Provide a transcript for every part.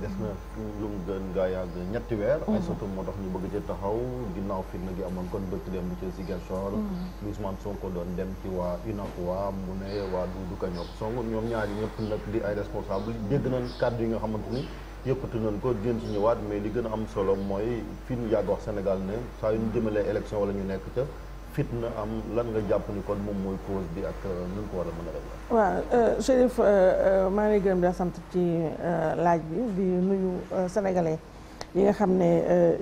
des na lu mu gën gaa yàgg ñetti weer. Mm-hmm. ay sotum moo tax ñu bëgg ci taxaw ginnaaw fitna gi amoon kon bëgg dem ci Ziguinchor. lu mm-hmm. Ousmane Sonko doon dem ci waa waa mu ne waa Doudou Ka ñoom Sonko ñoom ñaari ñëpp nag di ay responsable dégg nañ kàdd yi nga xamante ni. yëpp yëkkati nañ ko gën ci ñëwaat mais li gën a am solo mooy fi ñu yàgg wax Sénégal ne saa yu ñu jëmalee élection wala ñu nekk ca. fitna am lan nga jàpp ni kon moom mooy cause bi ak euh, nu ko war a mën a euh, rek euh, sant ci laaj bi di nuyu sénégalais yi nga xam ne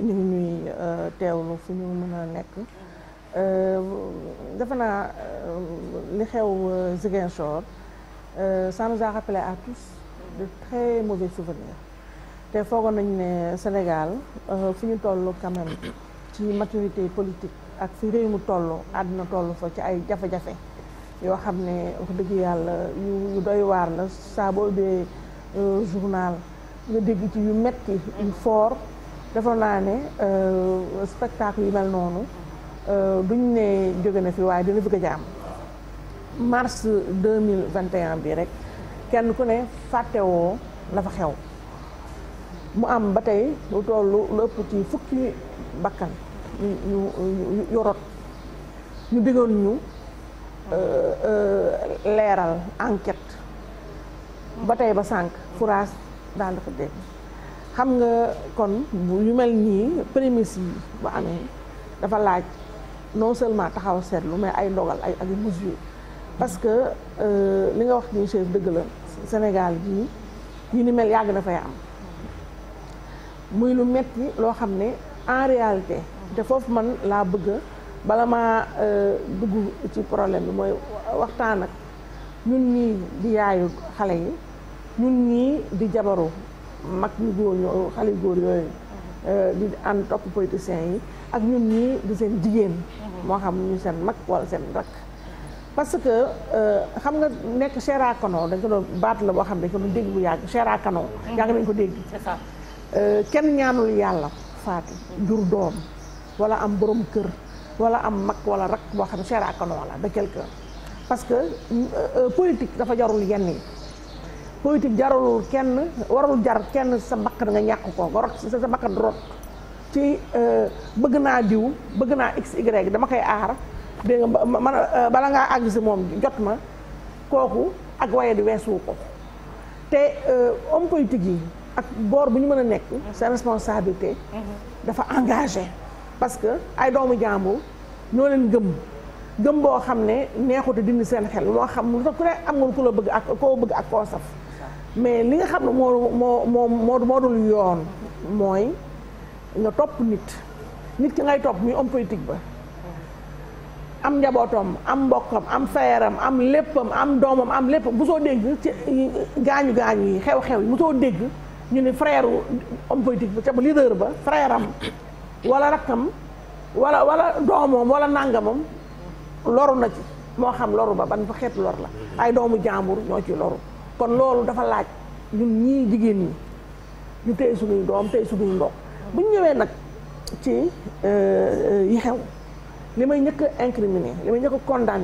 ñu ngi ñuy teewlu fu ñu mën a nekk defe naa li xew Ziguinchor ça nous a rappelé à de très mauvais souvenirs te foogoon nañu ne Sénégal fu ñu toll quand ci maturité politique ak fi réew mu toll àdduna toll fa ci ay jafe-jafe yoo xam ne wax dëgg yàlla yu doy waar la saa boo ubbee euh, journal nga dégg ci yu metti yu fort defe naa ne euh, spectacle yu mel noonu euh, duñ ne jóge na fi waaye dina bëgg a jaam mars 2021 bi rek kenn ku ne fàttewoo la fa xew mu am ba tey lu toll lu ëpp ci fukki bakkan ñu ñu rot ñu diggoon ñu euh, euh, leeral enquête ba tey ba sànq fourage daal dafa dégg xam nga kon yu mel nii prémisse yi ba amee dafa laaj non seulement taxaw seetlu mais ay ndogal ay ak mesure parce que euh, li nga wax ni chef dëgg la Sénégal gii ñu ni mel yàgg na am muy lu metti loo xam ne en réalité te foofu man laa bëgg bala maa euh, dugg ci problème bi mooy waxtaan ak ñun ñii di yaayu xale yi ñun ñii di jabaru mag ñu góor ñoo xale góor yooyu euh, di ànd topp politiciens yi ak ñun ñii di seen jigéen mm-hmm. moo xam ñu seen mag wala seen rakk parce que euh, xam nga nekk Chera Kano dañ ko doon baat la boo xam ne dañ ko doon dégg bu yàgg Chera Kano mm-hmm. yàgg nañ ko dégg kenn ñaanul yàlla faatu jur doom wala am borom kër wala am mag wala rak boo xam ne cher àkanoo la de quelqu'un parce que euh, euh, politique dafa jarul yenn yi politique jarul kenn warul jar kenn sa bakkan nga ñàkk ko nga rot sa bakkan rot ci euh, bëgg naa diw bëgg naa x y dama koy aar dégg nga bala ngaa àgg si moom jot ma kooku ak waye di weesu ko te homme politique yi ak boor bu ñu mën a nekk seen responsabilité mm-hmm. dafa engagé parce que ay doomu jàmbur ñoo leen gëm gëm boo xam ne neexut dindi seen xel moo xam lu tax ku ne am nga ku la bëgg ak bëgg ak koo saf mais li nga xam ne moo moo moo moo dul yoon mooy nga topp nit nit ki ngay topp muy homme politique ba am njabootam am mbokkam am fayaram am léppam am doomam am lépp mosoo dégg ci gaañu gaañu yi xew-xew yi mosoo dégg ñu ne frère homme politique ba ca leader ba frère wala rakkam wala wala doomam wala nangamam loru na ci moo xam loru ba ban fa xeetu lor la ay doomu jàmbur ñoo ci loru kon loolu dafa laaj ñun ñii jigéen ñi ñu tey suñuy doom tey suñuy ndox bu ñu ñëwee nag ci euh, euh, yi xew li may njëkk a incriminé li may njëkk a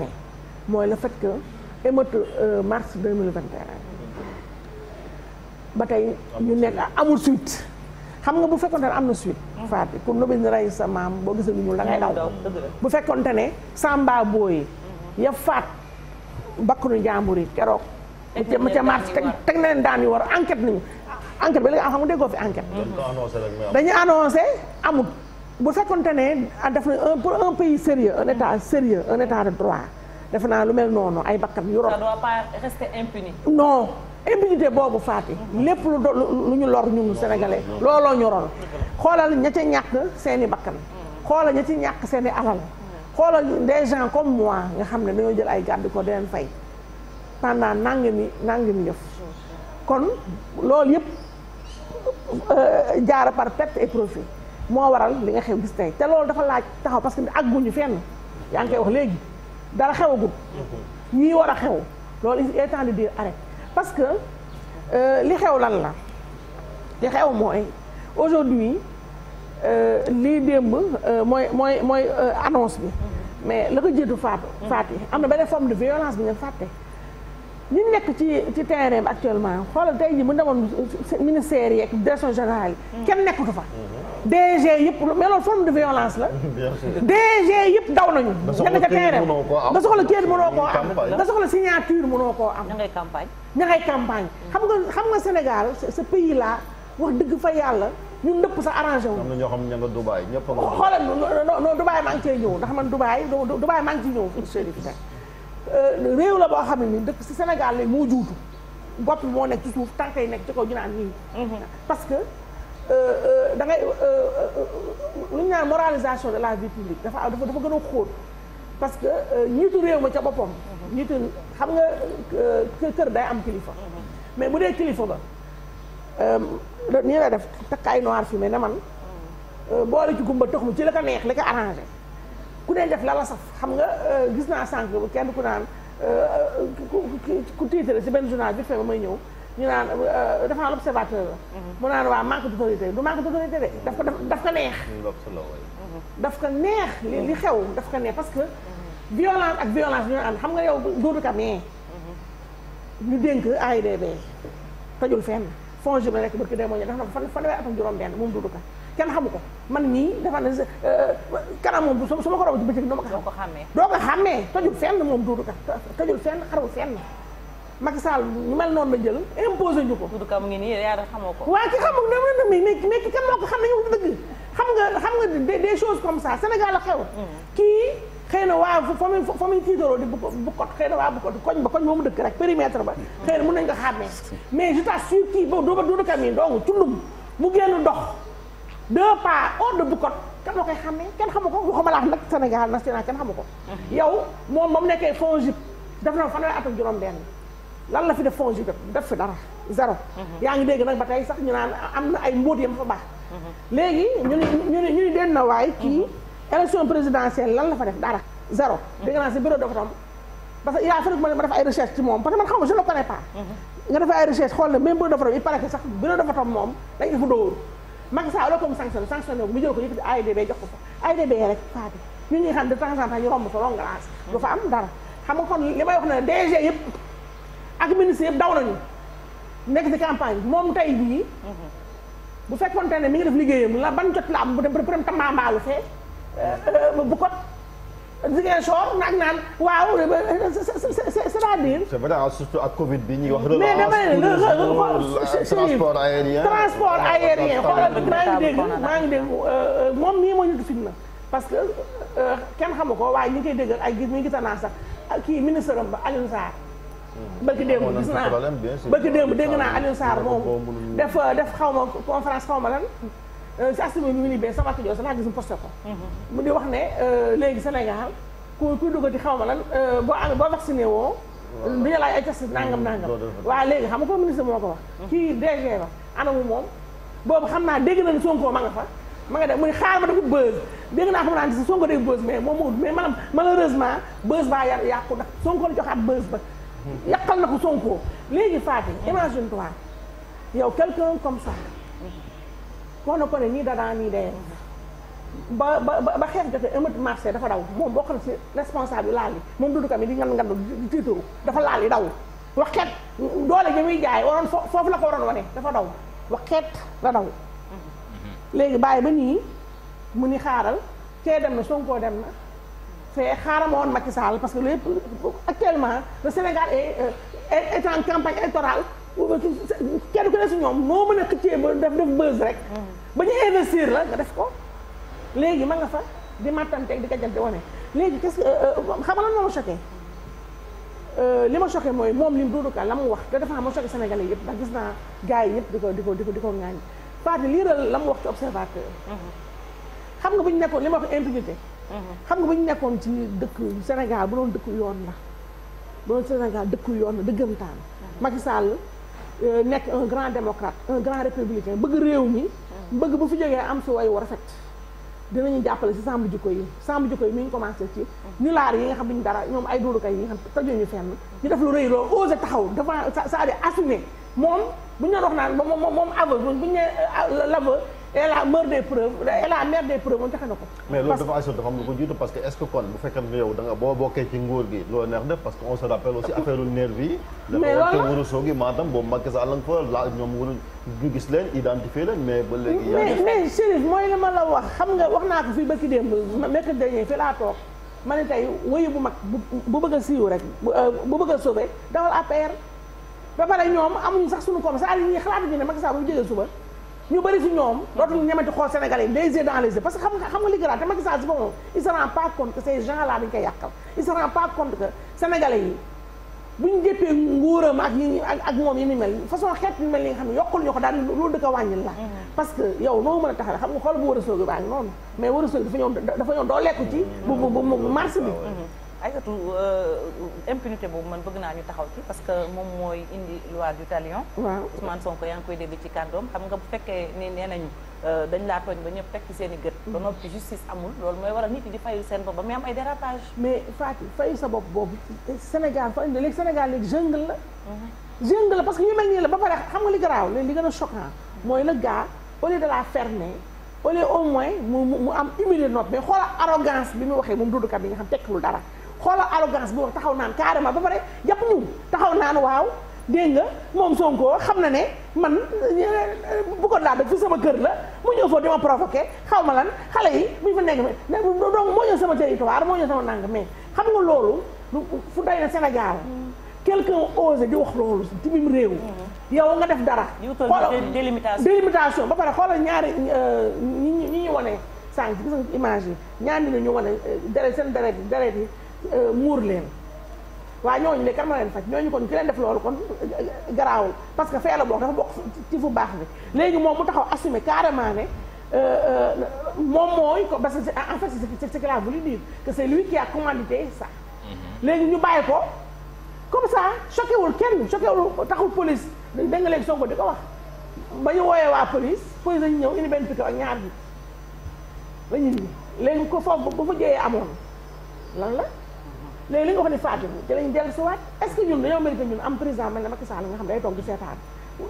mooy le fait que émeute euh, mars 2021 ba tey ñu nekk amul suite xam nga bu fekkonte ne am na suite. Fatou pour nobel rey sa maam boo gisee lu ñuul da daw. bu fekkonte ne Samba booyi. ya faat bakkanu jàmbur yi keroog. ma ca mars teg na leen daan yu war enquête nañu enquête ba léegi am ah, xam nga déggoo fi enquête. dañu annoncé amut. bu fekkonte ne ah, def na un pour un pays sérieux un état mm-hmm. sérieux un état droit defe naa lu mel noonu ay bakkan yu. ça non. impunité boobu faati lépp lu do lu ñu lor ñun sénégalais looloo ñu xoolal ña ca ñàkk seen bakkan xoolal ña ci ñàkk seen alal xoolal des gens comme moi nga xam ne dañoo jël ay gàddu ko deneen fay pendant nangami nangami yëf kon loolu yëpp euh, jaara par perte et profit moo waral li nga xew gis tey te loolu dafa laaj taxaw parce que ak àgguñu fenn yaa ngi koy wax léegi dara xewagul mm-hmm. ñii war a xew loolu il est temps de parce que euh, li xew lan la li xew mooy aujourd'hui euh, lii démb euh, mooy mooy mooy annonce bi mais la ko jiitu faatu faat yi am na beneen forme de violence bi ngeen fàtte ñu nekk ci ci terrain bi actuellement xoolal tey ji bu demoon ministère yeeg direction générale yi kenn nekkatu fa DG yëpp mais loolu de violence la. DG yëpp daw nañu. nga nekk terrain nga soxla kër mënoo koo am nga soxla signature mënoo koo am. ña campagne. ña ngay campagne xam nga xam nga Sénégal ce pays là wax dëgg fa yàlla ñun ndëpp sa arrangé wu. na ñoo xam ña Dubaay ñëpp a. xoolal non Dubaay maa ngi cee ñëw ndax man Dubaay Dubaay maa ngi ciy ñëw chérif sax euh, réew la boo xam ne nii dëkk si Sénégal la moo juutu bopp moo nekk ci suuf tànk yi nekk ci kaw ñu naan nii. Mhm. parce que. Euh, euh, da ngay euh, lu ñu naan moralisation de la vie publique dafa dafa dafa gën a xóot parce que ñiitu réew ma ca boppam. ñiitu xam nga kër day am kilifa. mais bu dee kilifa ba nii la def takk ay noir fi mais ne man. boole ci gumba tox mu ci la ko neex la ko arrangé ku ne def la la saf xam nga gis naa sànq kenn ku naan ku tiitale si benn journal bi fa ba may ñëw. ñu naan euh, dafa naan observateur la. Mm-hmm. mu naan waa manque d'autorité du manque d'autorité de daf ko daf ko neex. Mm, mm-hmm. daf ko neex. li mm-hmm. xew daf ka neex parce que. violence ak violence ñu ànd xam nga yow Doudou Kane. ñu dénk AIBD tajul fenn fonds bi rek barki demoo ñu dafa fan fanweeri atam juróom-benn moom Doudou Kane kenn xamu ko man nii dafa na euh, kanam moom su ma ko rob ci bëccëg doo ma ko xam doo ko xàmmee tojul fenn moom Doudou Kane tajul fenn xarul fenn. Macky Sall ñu mel noonu la jël imposé ñu ko. Doudou Ka mu ngi nii yaa xamoo ko. na mi mais mais ki kan moo ko xam ne ñu wax dëgg xam nga xam nga des choses comme ça Sénégal la xew. Mm. kii xëy na waa fa muy fa muy tiitaroo di bu xëy na waa bu kot koñ ba koñ ba mu rek périmètre ba. xëy na mën nañu ko xàmmee. mais je t'assure kii boobu Doudou Doudou Ka mii dong tullum mu génn dox deux pas hors de koy xàmmee kenn xamu ko waxuma laa nag Sénégal national kenn xamu ko. Mm-hmm. nekkee FONGIP def na fanweeri atum juróom-benn lan la fi def fonds jot def fi dara zéro. Mhm. yaa ngi dégg nag ba tey sax ñu naan am na ay mbóot yam fa baax. Mhm. léegi ñu ñu ne ñu ne den na waay kii mhm. élection présidentielle lan la fa def dara zéro. dégg naa si bureau de vote parce que il a fallu que ma def ay recherche ci moom parce que man xam nga je le connais pas. nga ay recherche xool na même bureau de vote il paraît que sax bureau moom dañ dafa dóor Macky Sall ko mu sanctionné sanctionné mu jël ko yëkkati AIBD jox fa ñu ngi xam de temps en temps ñu romb fa am dara xam nga kon li may wax yëpp. ak ministre yëpp daw nañu nekk ci campagne moom tey bii bu fekkoonte ne mi ngi def liggéeyam la ban jot la am bu dem ba dem tambaambaalu fee euh, euh, bu kot Ziguinchor nag naan waaw euh, c'est-à-dire. c'est vrai surtout ak Covid bi ñuy wax. mais dama ne transport aérien transport aérien xoolal maa ngi dégg maa ngi dégg moom nii moo ñu fitna parce que kenn xamu ko waaye ñu ngi koy déggal ay gis ñu ngi tànnaa sax kii ministre am ba Alioune Sarr. Mm. bëgg démb gis naa bëgg démb dégg naa Aliou Sarr moom def euh, def xaw ma conférence xaw ma lan euh, si asimi bi mu ni bee sama kii jox laa gis mu posté ko mm-hmm. mu di wax ne euh, léegi Sénégal ku ku dugati xaw ma lan boo amee boo vacciné woo dañu laaj ay test nangam nangam waaw léegi xam nga ko ministre moo ko wax mm-hmm. kii DG ba anamu moom boobu xam naa dégg nañ ne Sonko ma nga fa ma nga def mu ne xaar ma dafa buzz dégg naa xam naa ne Sonko day buzz mais moom mais maanaam malheureusement buzz baa yàqu ndax Sonko la joxaat buzz yàqal na ko Sonko léegi Fatim imagine toi yow quelqu'un comme sax koo na ko ne nii dadaa nii dayee ba ba ba xeex jotee émeute marché dafa daw moom bokk na ci responsable yi laal yi moom dudu kam yi di ngan ngan di tiitaru dafa laal yi daw waxeet doole ji muy jaay waroon foofu la ko waroon wane dafa daw waxeet la daw mhm. léegi bàyyi ba nii mu ni xaaral kee dem na Sonko dem na c'est xaaral ma woon Macky Sall parce que lépp actuellement le Sénégal est euh, est en campagne électorale euh, kenn ku ne si ñoom moo mën a xëccee ba def def buzz rek. ba ñu investir la nga def ko. léegi ma nga fa di mattanteeg di gàjjante wane léegi qu'est-ce que euh, xam nga lan moo ma choqué li ma choqué mooy moom li Doudou Ka la mu wax te dafa xam ma choqué Sénégalais yëpp ndax gis naa gars yi yëpp di ko di ko di ko di ko ŋaañ. Fatou la mu wax ci observateur. Mm-hmm. xam nga bu ñu nekkoon li ma wax impunité. xam nga bu ñu nekkoon ci dëkk Sénégal bu loolu dëkku yoon la bu doon Sénégal dëkku yoon la dëggantaan. Macky Sall euh, nekk un grand démocrate un grand républicain bëgg réew mi. bëgg bu fi jegee am fi way wu rafet. ñu jàppale si sàmm jikko yi sàmm jikko yi mi ñu commencé ci ñu laar yi nga xam ñu dara ñoom ay dóorukaay yi nga xam tajuñu fenn ñu def lu rëy loo osé taxaw dafa c'est-à-dire assumé moom bu ñu doon wax naan moom moom aveu buñu nee euh, l'aveu et la mère des preuves et la mère des preuves moom joxe na ko. mais loolu dafa assuré dafa am lu ko jiitu parce que est ce que kon bu fekkee ne yow da boo bokkee ci nguur gi loolu neex def parce que on se rappelle aussi affaire lu nervi yi. mais la ñoom wër ñu gis leen identifier mais. ba léegi yaa ngi mais Chérif mooy li ma la wax xam nga wax naa ko fii bëkki démb mercredi dernier fii laa toog ma ne tey wéyu bu mag bu bëgg a siiw rek bu euh, bëgg a sauver dawal APR ba pare ñoom amuñu sax suñu koom saa yi ñuy xalaat ñu ne Macky Sall bu ñu bëri si ñoom dootuñu ñemeti xool sénégalais yi les dans les parce que xam nga xam nga a te Macky Sall si boppam il se rend pas compte que ces gens là dañ koy yàqal il se rend pas que sénégalais yi bu ñu xam daal loolu dëkk wàññil la mm-hmm. parce que yow noo mën a taxawee xam nga xool bu war a soogi baa ngi noonu mais war a soogi dafa ñëw doo lekku ci bu bu bu marché bi mm-hmm. ayatu euh, impunité boobu man bëgg naa ñu taxaw ci parce que moom mooy indi loi du talion waaw Ousmane Sonko yaa ngi koy dégg ci kàddoom xam nga bu fekkee ni nee nañu euh, dañ laa tooñ ba ñëpp teg ci seen i gët ba noppi justice amul loolu mooy waral nit yi di fayul seen bopp ba muy am ay dérapage mais Fatou fayu sa bopp boobu Sénégal fa léegi Sénégal léegi jungle la mhm. jungle la parce que ñu mel nii la ba pare xam nga li garaaw léegi li gën a choquant mooy le gars mu mu am humilier nopp mais xoola arrogance bi mu waxee moom dudukat bi nga xam tekkilul dara xoolal arrogance boo taxaw naan carrément ba pare jàpp ñu taxaw naan waaw dégg nga moom Sonko xam na ne man euh, bu ko laa def fi sama kër la mu ñëw foofu dama provoqué xaw ma lan xale yi bu ñu fa nekk mais donc moo ñëw sama territoire moo ñëw sama nang mais xam nga loolu fu day na Sénégal quelqu'un ose di wax loolu ci biir réew mm-hmm. yow nga def dara xoolal délimitation ba pare xoolal ñaari euh, ñi ñi ñu wane sànq gis nga image yi ñaar ni ñu wane euh, deret seen deret yi deret yi Euh, muur leen waa ñooñu de kan ma leen faj ñooñu kon ki leen def loolu kon euh, garaawul parce que fee la bokk dafa bokk ci fu baax bi léegi moom mu taxaw assumer carrément ne euh, moom mooy ko parce que en fait c'est ce qu'il a voulu dire que c'est lui qui a commandité ça mhm. léegi ñu bàyyi ko comme ça choqué kenn choqué wul taxul police dégg nga léegi Sonko di ko wax ba ñu wooyee waa police police dañu ñëw indi benn pick ak ñaar bi la ñu léegi ko foofu bu fa jëyee amoon la léegi li nga wax ne fàttiku te lañ dellu si waat est-ce que ñun dañoo mérité ñun am président mel ne Macky Sall nga xam day toog di seetaan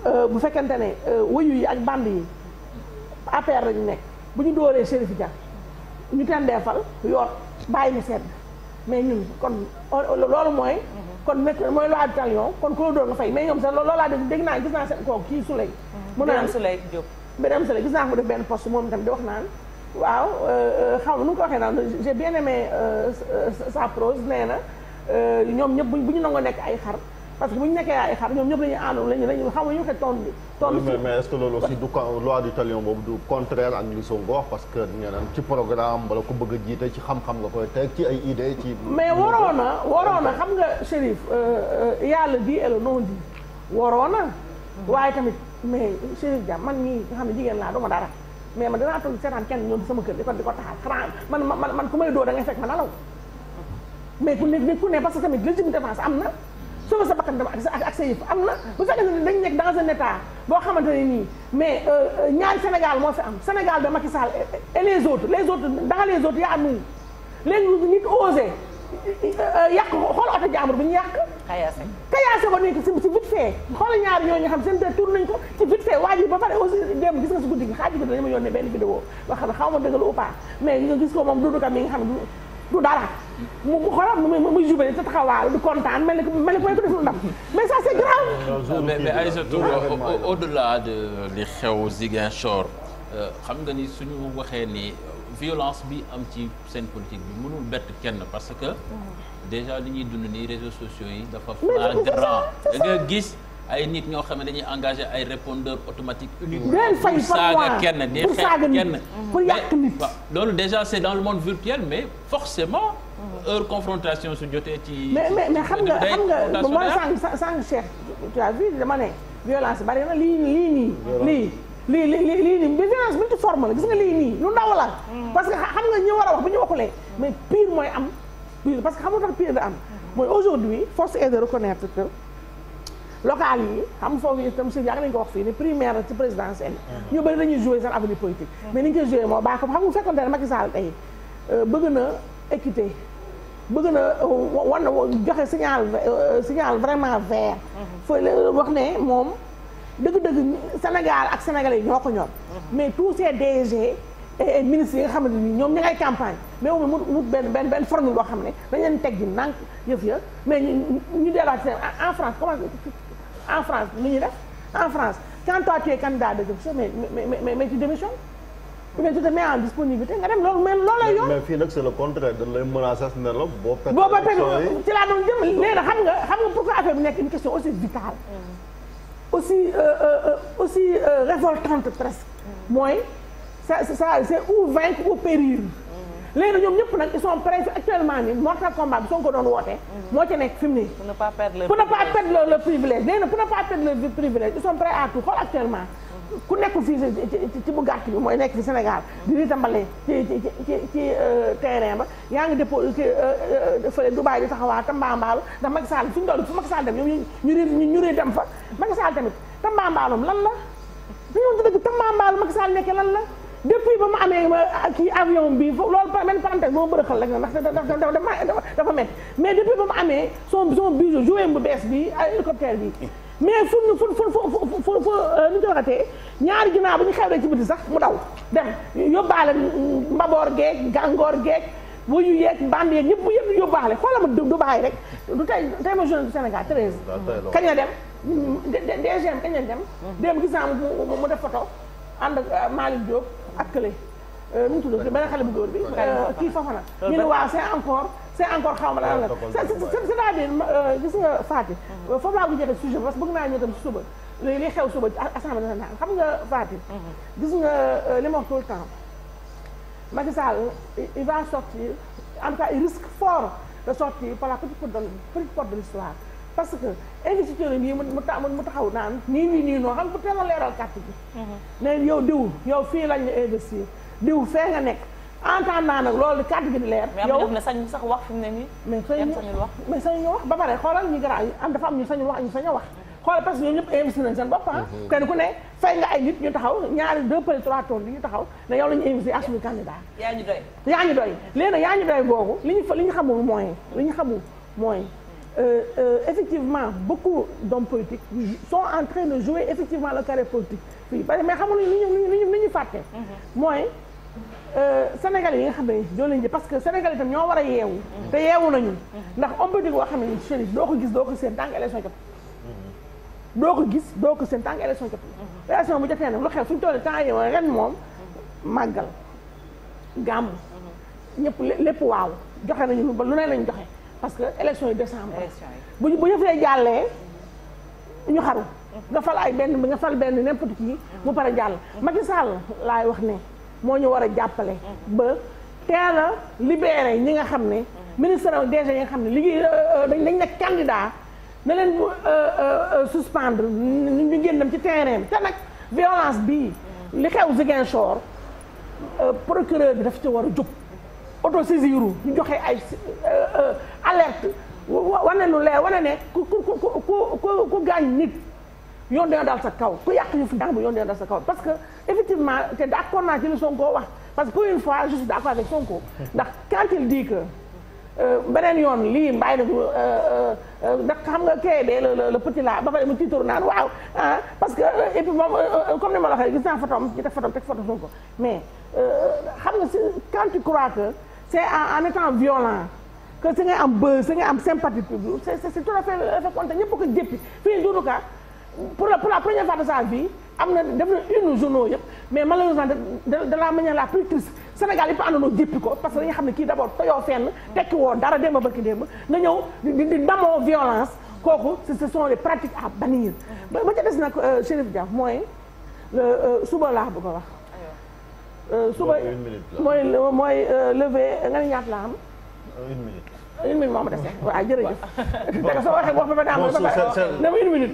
euh, bu fekkente ne euh, wëyu yi ak band yi APR lañu nekk bu ñu dóoree Chérif Dia ñu tendee fal yoot bàyyi mu sedd mais ñun kon loolu mooy kon nekk mooy loi du talion kon ku la dóor nga fay mais ñoom sax loolu laa def dégg naa gis naa seen kooku kii Souley mm-hmm. mu naan Souley Diop beneen Souley gis naa ko mu def benn waaw euh, euh, xaw ma nu ko waxee naan j'ai bien aimé euh, sa prose nee na ñoom ñëpp bu ñu nangoo nekk ay xar parce que bu ñu nekkee ay xar ñoom ñëpp la ñuy àndoon la ñu xam nga ñu waxee tontu bi. tontu mais mais est que loolu aussi du loi du boobu du contraire ak li wax parce que nee ci programme wala ku bëgg a jiite ci xam-xam nga koy teg ci ay idée ci. mais waroon na xam nga Chérif yàlla di et le non di waroon na. Mm-hmm. waaye tamit mais Chérif Dia man mii nga xam ne jigéen laa duma dara. mais man danaa toog seetaan kenn ñoom sama kër di ko di ko taxal xanaa man man man ku doo da ngay fekk ma nalaw mais ku ne ku ne parce que tamit légitime défense am na sauver sa bakkan dama ak sa yëf am na bu fekkee ne dañ nekk dans un boo xamante ne nii mais euh, ñaari Sénégal moo fi am Sénégal de Macky Sall et les autres les autres dans les autres yaa nu léegi nit osé Euh, yàq xool oto jàmbur bi ñu yàq. kayaase kayaase ko nekk si si vite fait xoola ñaari ñooñu xam seen deux tour nañ ko ci vite fait waa ji ba pare aussi dem gis nga si guddi gi xaaju guddi dañu ma yónnee benn vidéo boo xam ne xaw ma dëggal ou pas gis ko moom Doudou Ka mi nga xam du dara mu mu xoolal mu muy jubale te taxawaal di kontaan mel ni que mel ni que def lu de li xew Ziguinchor euh, xam nga ni suñu waxee ni. violence bi am ci seen politique bi mënul bett kenn parce que déjà li ñuy dund nii réseaux sociaux yi dafa flagrant nga gis ay nit ñoo xam ne dañuy engagé ay répondeur automatique uniquement pour saaga kenn di xeex kenn pour yàq nit loolu déjà c'est dans le monde virtuel mais forcément heure confrontation su jotee ci mais mais xam nga xam nga mooy sànq sànq Cheikh tu as ne violence bari na lii lii nii lii lii lii nii vigilance multiforme la gis nga lii lu ndaw la mm. parce que xam nga ñi war a wax bu ñu waxulee mais pire mooy am pire parce que xam nga tax pire da am mm-hmm. mooy aujourd'hui force est de reconnaître que local yi xam foofu itam si yàgg nañu ko wax fii ni primaire ci présidentielle mm-hmm. ñu bëri dañuy jouer seen avenir politique mm-hmm. mais ni ñu koy jouer moo baax xam nga fekkoon ne Macky euh, bëgg na équité bëgg na euh, wan joxe signal euh, signal vraiment vert fooy wax ne moom dëgg-dëgg Sénégal ak Sénégalais yi ñoo ko ñor. mais tous ces DG et yi nga xamante ni ñoom ña ngay campagne mais moom mu mu benn benn benn xam ne dañ leen en te mets en disponibilité nga dem loolu mais la yoon. mais fii nag c'est le contraire dañ lay menacer ne la boo. boo ba ci laa doon jëm bi nekk une question aussi vitale. Mm. aussi euh, euh, euh, aussi révoltante presque. mooy ça ça c' est ou vaincre ou périr. léegi ñoom ñëpp nag ils sont prêts actuellement ni mortal combat bi soo ko doon wootee. moo ci nekk fi mu ne. pour ne pas perdre leur privilège pour ne pas pas perdre leur privilège ils sont prêts à tout xool actuellement. ku nekkul fii ci bu gàtt bi mooy nekk fi Sénégal di di tambale ci ci ci ci euh, terrain ba yaa ngi dépôt euh, euh, fële Dubaay di taxawaa tambaambaalu ndax Macky Sall fi mu dool fu Macky Sall dem ñoom ñu ñu ñu rée dem fa Macky Sall tamit tambaambaalum lan la dañoo ci dëgg tambaambaalu Macky Sall lan la depuis ba mu amee kii avion bi foofu loolu benn parenthèse ba ma bërëxal rek ndax dafa dafa métti mais depuis ba mu amee son son bijou jouet bu bees bi hélicoptère bi mais fu ñu fu fu fu fu euh, nu ñu ko waxatee ñaari ginnaaw bu ñu xewlee ci biti sax mu daw dem yóbbaale mbaboor geeg gàngoor geeg wuyu yeeg mbànd yeeg ñëpp yëpp yóbbaale xoolal ma du bàyyi rek du tey tey ma journée du Sénégal 13. kañ la dem DGM kañ la dem. Mm-hmm. dem gis naa mu mu def photo ànd ak euh, Malick Diop ak Kële. Euh, nu mu tudd benn xale bu góor bi kii Fofana. ñu ne waaw c'est encore. c' est encore xaw ma ah, euh, gis nga Fatick. Mhm. foofu laa ko jëlee sujet parce que bëgg naa ñu dem si suba li xew suba ci assemblée nationale xam nga Fatick. Mhm. gis nga euh, li ma wax tout le temps Macky Sall il va sortir en tout cas il risque fort de sortir par la petite parce que investiture yi mu ta mu taxaw naan nii nii nii noo xam bu a leeral carte bi. ne yow diw yow fii lañ la investir diw fee nga nekk. entendant nag loolu kàddu gi leer. yow mais sañ sax wax fi ne nii. mais sañu wax ba pare xoolal ñu garaaw am dafa am ñu sañu wax ñu sañ a wax. xoolal parce que ñoom ñëpp investi nañ seen bopp ah. Mhm. kenn ku ne fay nga ay nit ñu taxaw ñaari deux pali trois ñu taxaw ne yow la ñu investi ak yaa ñu doy. yaa yaa ñu doy boobu li ñu xamul mooy li ñu xamul mooy euh, euh, effectivement effectivement le carré politique fii parce que mais Euh, Sénégal yi nga xam ne ñoo leen jël parce que Sénégal itam ñoo war a yeewu. te yeewu nañu. ndax homme politique boo xam ne Chérif doo ko gis doo ko seen tànk élection jot. doo ko gis doo ko seen tànk élection jot. élection bu jotee nag lu xew suñu toll temps yi ren moom. màggal gàmm. ñëpp lépp waaw joxe nañu ba lu ne lañ parce que élection yi décembre. bu bu yëfee jàllee ñu xaru. nga fal ay benn bi nga fal benn n'importe qui mu pare jàll. Macky Sall laay wax ne. moo ñu war a jàppale ba teel a libéré ñi nga xam ne ministre déjà yi nga xam ne liggéey euh, euh, dañ nekk candidat na leen euh, suspendre ñu génn dem ci terrain bi te nag violence bii li xew Ziguinchor procureur bi daf ci war a jóg autosaisiru ñu joxe ay alerte wane lu leer wane ne ku ku ku ku ku gaañ nit yoon dina dal sa kaw ku yàq yu fi jàmbur yoon dina dal sa kaw parce que effectivement te d'accord naa ci li Sonko wax parce que pour une fois je suis avec Sonko ndax quand il dit que euh, beneen yoon lii mbay na euh, euh, ndax xam nga kay de le petit là ba pare mu tiitoon naan waaw ah parce que et comme ni ma la waxee gis naa photom ñu teg photom teg photo Sonko mais xam nga si quand tu crois que c'est en étant violent que si ngay am buzz si ngay am sympathie publique c'est c'est tout à pour la pour la première fois de sa vie am na def na une journaux yëpp mais malheureusement de la manière la plus triste Sénégal yëpp àndandoo jéppi ko parce que dañu xam ne kii d'abord toyoo fenn tekki woo dara démb a barki démb nga ñëw di di damoo violence kooku ce sont les pratiques à bannir mhm. ba ca des nag euh, Chérif Dia mooy euh, suba laa bu ko wax euh, suba mooy mooy lever nga ne ñaata la am une minute une minute moom a dese waaw jërëjëf parce que soo waxee wax ba ba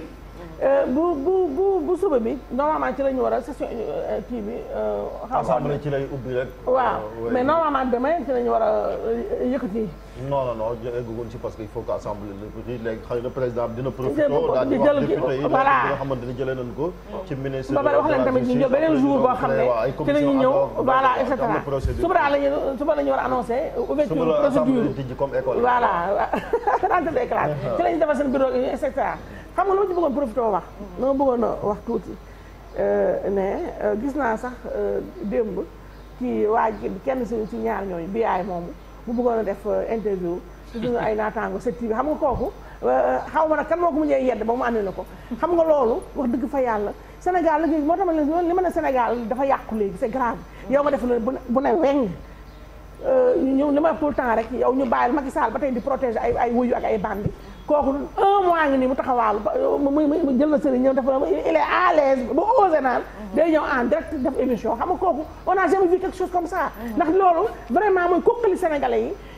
Euh, bu bu bu bu suba bi normalement ci la ñu war a session euh, kii bi. Euh, assemblée ci lay ubbi rek. waaw mais normalement demain ci la ñu war a yëkkati. non non non eggugoon ci parce que il faut que assemblée léegi léegi xëy na président dina. profité daal di wax député yi nga xamante ne jëlee nañ ko. ci ministre ba pare wax leen tamit ñu ñëw beneen jour boo xam ne ci la ñu ñëw voilà et cetera suba daal la ñu suba la ñu war a annoncé. ouverture procédure suba la assemblée tijji comme école. voilà rentrée des classes ci la ñu defal seen bureau et cetera. xam nga lu ma ci bëggoon profité wax. bëggoon a wax tuuti euh, ne euh, gis naa sax euh, démb ci waa kenn si ci ñaar ñooñu bi yaay moomu bu bëggoon a def interview. ay naataango set bi xam kooku xaw ma nag kan moo ko mujjee yedd ba mu na ko. xam nga loolu wax dëgg fa yàlla Sénégal léegi moo tax ma li man ne Sénégal dafa yàqu léegi se grave. yow nga def la bu ne weng ñu li ma tout le temps rek yow ñu bàyyil Macky Sall ba tey di protéger ay ay wuyu ak ay bandi kooku un mois ngi nii mu taxawaalu mu jël na sëriñ ñëw dafa il est à l'aise ba osé naan day ñëw en direct def émission xam nga kooku on a jamais vu quelque chose comme ça mm-hmm. ndax loolu vraiment mooy kokkali sénégalais yi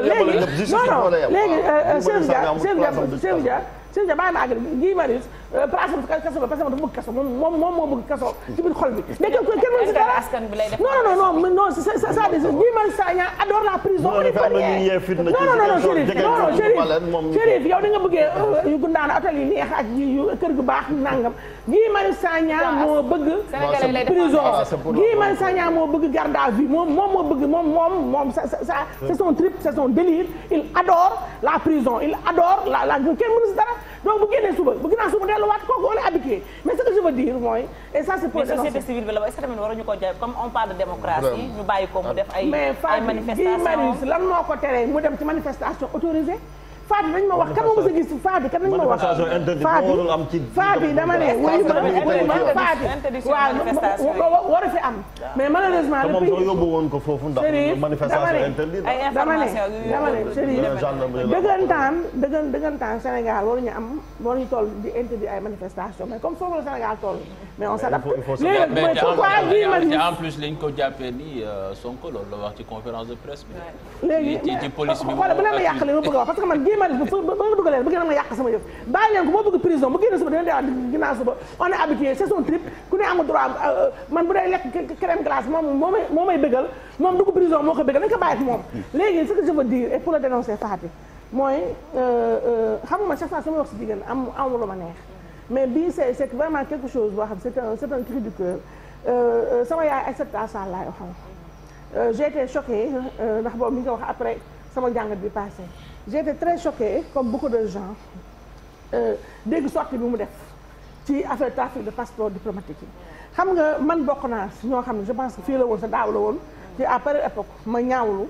léegi non non léegi euh, chef Dia chef Dia sëñ bàyyi ma àggali Guy Marius euh, placé ma si dara non non la prison non non non Chérif non Chérif Chérif yow da nga bëggee ba euh, gundaan hôtel yi neex ak yu kër gu baax nangam Guy Marius Sagna moo bëgg prison Guy Marius moom moom moom moom moom ça c'est son trip c'est son délire il adore la prison il adore la la kenn mënu si dara donc bu génnee suba bëgg naa suba delluwaat kooku on est habitué mais ce que je veux mooy et ça c'est pour société civile bi la est-ce que tamit waruñu ko jaay comme on parle de démocratie ñu bàyyi ko mu def ay manifestation mais Fatou Guy Marius lan moo ko teree mu dem ci manifestation autorisée Fadi dañ ma wax kan ma mës a gis Fadi kan lañ ma wax. Fadi Fadi dama ne wuyu ma wuyu ma Fadi waaw waru fi am. mais malheureusement depuis moom yóbbu woon ko foofu ndax manifestation interdite dama ne dama ne c'est-à-dire dëggantaan dëggan dëggantaan Sénégal waruñu am waruñu toll di interdit ay manifestation mais comme foofu la Sénégal toll mais on s'adapte léegi pourquoi mais en plus lañ ko jàppee ni euh, Sonko loolu la wax ci conférence de presse bi. léegi mais xoolal bu la ma yàqalee ma bëgg a wax parce que man ma def ma dugg leen ba ngeen a yàq sama yëf bàyyi leen moo moo may moo may moom dugg prison moo ko euh, euh, xam nga chaque fois sama wax si jigéen am amul lu ma neex mais bii c'est c'est vraiment quelque chose boo xam c'est un du cœur euh, sama yaay accepté ça laay waxal j'étais choquée ndax boobu mi ko wax après sama jàngat bi passé j'étais très choquée comme beaucoup de gens euh, dégg sorti bi mu def ci affaire trafic de passeport diplomatique yi xam nga man bokk naa si ñoo xam ne je pense que fii la woon sa daaw la woon ci à pareille époque ma ñaawlu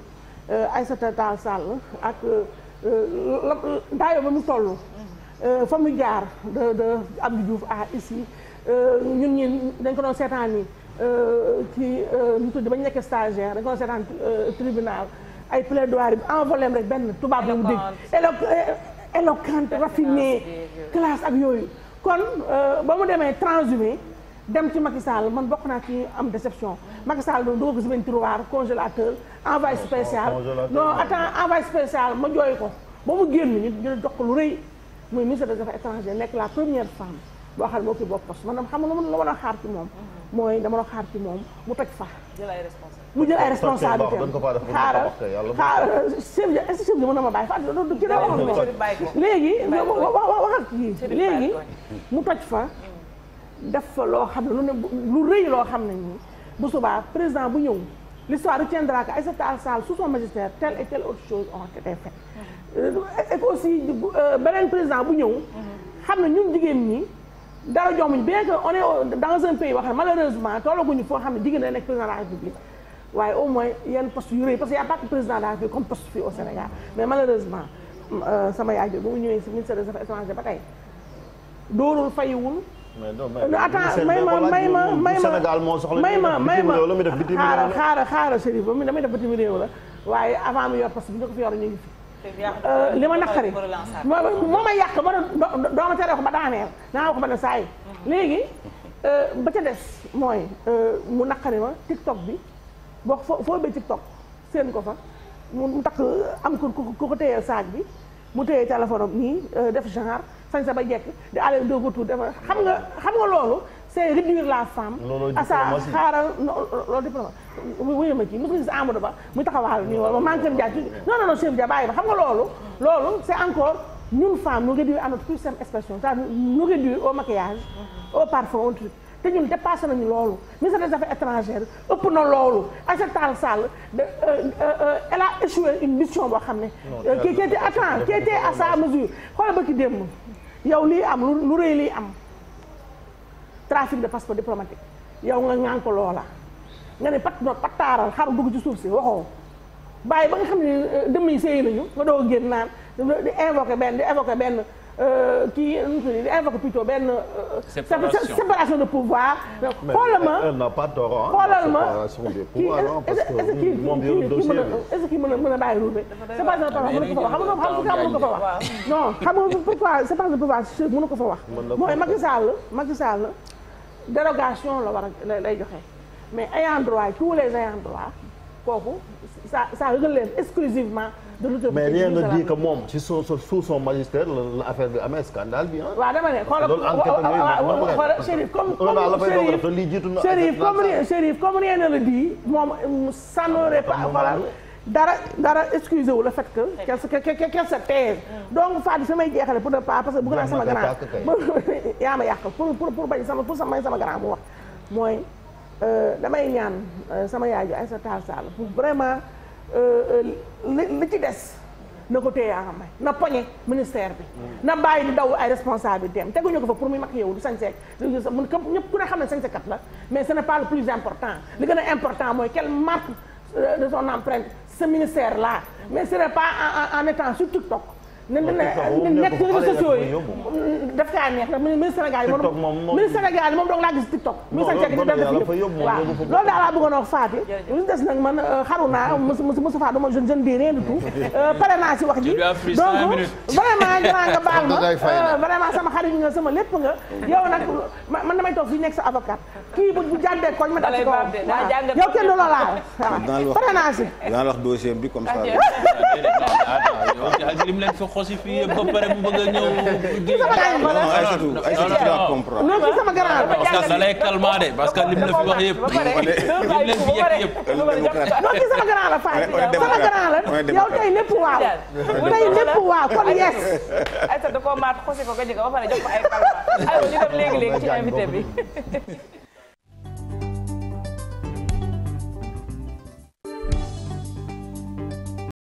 euh, Aïssata Tall Sall ak euh, daayoo ba mu toll fa mu jaar de de Abdou Diouf à ici ñun ñi dañ ko doon seetaan yi ci ñu tuddi ba ñu nekkee stagiaire dañ ko doon seetaan tribunal ay plaidoirie bi envolé rek benn tubaab bu mu dégg éloquente euh, raffiné classe ak yooyu kon euh, ba mu demee transhumé dem ci Macky Sall man bokk naa ci am déception Macky Sall doo ko gis benn tiroir congélateur envoyé spécial non attends envoyé spécial ma jooy ko ba mu génn ñu ñu jox ko lu rëy muy ministre des affaires étrangères nekk la première femme boo xam ne moo koy bopp poste man xam nga lu ma doon xaar ci moom mm-hmm. mooy dama doon xaar ci moom mu toj fa jël ay responsabilités mu jël ay responsabilités xaaral xaaral chef de est-ce que chef de mën na ma bàyyi fàttali doon léegi mu toj fa def fa loo xam ne lu ne lu rëy loo xam ne nii bu subaa président bu ñëw l'histoire retiendra que Aïssata Tall Sall sous son magistère telle et telle autre chose ont été faites mm-hmm. euh, et aussi euh, beneen président bu ñëw mm-hmm. xam ne ñun jigéen ñi dara jombuñu bien que on est dans un pays boo xam ne foo xam ne jigéen day nekk président de la république waaye au moins yenn poste yu rëy la république comme poste fii au Sénégal mais euh, sama yaay bi mu ñëwee si ministère ba tey doorul fayiwul. mais non may ma may ma may ma Sénégal moo soxla may ma may ma xaaral xaaral xaaral Chérif ba mu damay def bitim réew la waaye avant mu yor poste ñu ko fi yor ñu ngi fi. Euh, li ma naqari moo may yàq ba dooma tere ko ba daaneel naa ko ba ne saay léegi euh, ba ca des mooy euh, mu naqari ma tiktok bi boo foo foo bee tiktok seen ko fa mu takk am ku ku ko téyeel saag bi mu téye téléphone am nii def genre sañ sa ba jekk di ale doo ko tuur dafa xam nga xam nga loolu c'est réduire la femme. à sa xaaral loolu diplomatie wuyu ma ci mosu gis Amadou Ba muy taxawal nii wala man Kër Dia non non non Cheikh Dia bàyyi ba xam nga loolu. loolu c'est encore ñun femme nous réduire à notre plus simple expression c'est-à-dire nous réduire au maquillage. au parfum au truc te ñun dépassé nañu loolu ministre des affaires étrangères ëpp na loolu Aïssata Tall Sall euh, euh, euh, elle a échoué une mission boo xam ne. non qui était attends qui était à sa mesure xoolal ba ki démb yow li am lu rëy lii am. trafic de passeport diplomatique yow nga ñaan ko loola nga ne pat noonu pataaral xaru dugg ci suuf si waxoo bàyyi ba nga xam ne euh, dëmm yi sëy nañu nga doog a génn naan di invoqué benn di invoqué benn euh, kii nu mu di invoqué plutôt benn. Euh, séparation de pouvoir. xoolal ma xoolal ma kii est-ce a a bàyyi ruube. séparation de pouvoir mënu ko ko fa wax. non xam pourquoi séparation de pouvoir mënu ko fa wax. mooy Macky Sall dérogation la war a lay mais ayant droit tous les ayants droit kooku sa ça relève exclusivement de l'autorité mais rien ne dit que moom ci son sous son magistère la affaire bi amee scandale bi ah. waaw dama ne xoolal Chérif comme rien ne le dit moom euh, ça n'aurait pas dara dara excusé wu le fait que. qu'elle qu'elle se taise. Mm. donc Fadi fi may jeexale pour ne pas parce que bëgg naa sama grand yaa ma yàq pour pour pour bañ sama pour sama sama grand mu wax mooy euh, damay ñaan euh, sama yaay ji Aïssata Tall Sall pour vraiment euh, li li ci des. na ko téye yaa may na poñe ministère bi mm. na bàyyi di daw ay responsabilité am teguñu ko fa pour muy mag yow du sañse mun kam ñëpp ku ne xam ne sañse kat la mais ce n'est pas le plus important li gën a important mooy quelle marque de son empreinte ce ministère là mais ce n'est pas en en étant sur ne nekk ci réseaux sociaux yi daf kaa neex ndax minu Sénégal yi moom minu Sénégal yi moom dong laa gis TikTok minu Sénégal yi def def yëpp waaw loolu daal laa bëggoon wax Fatou lu des nag man euh, xaru naa mos mos Fatou ma jeune jeune di rien du tout euh, pare naa si wax ji donc vraiment dinaa nga baal ma euh, vraiment sama xarit nga sama lépp nga yow nag man damay toog fii nekk sa avocat kii bu bu jàddee koñ ma dal ci kawam yow kenn du la laal waaw pare naa si dinaa wax dossier bi comme ça fossifié kii sama grand ma la non Aïssatou Aïssatou sama grand ma parce que da lay calmer de parce la fi wax yëpp. sama grand la la yow tey lépp waaw. tey lépp waaw kon yes. Aïssatou ay calmants aywa ñu dem léegi léegi ci invité bi.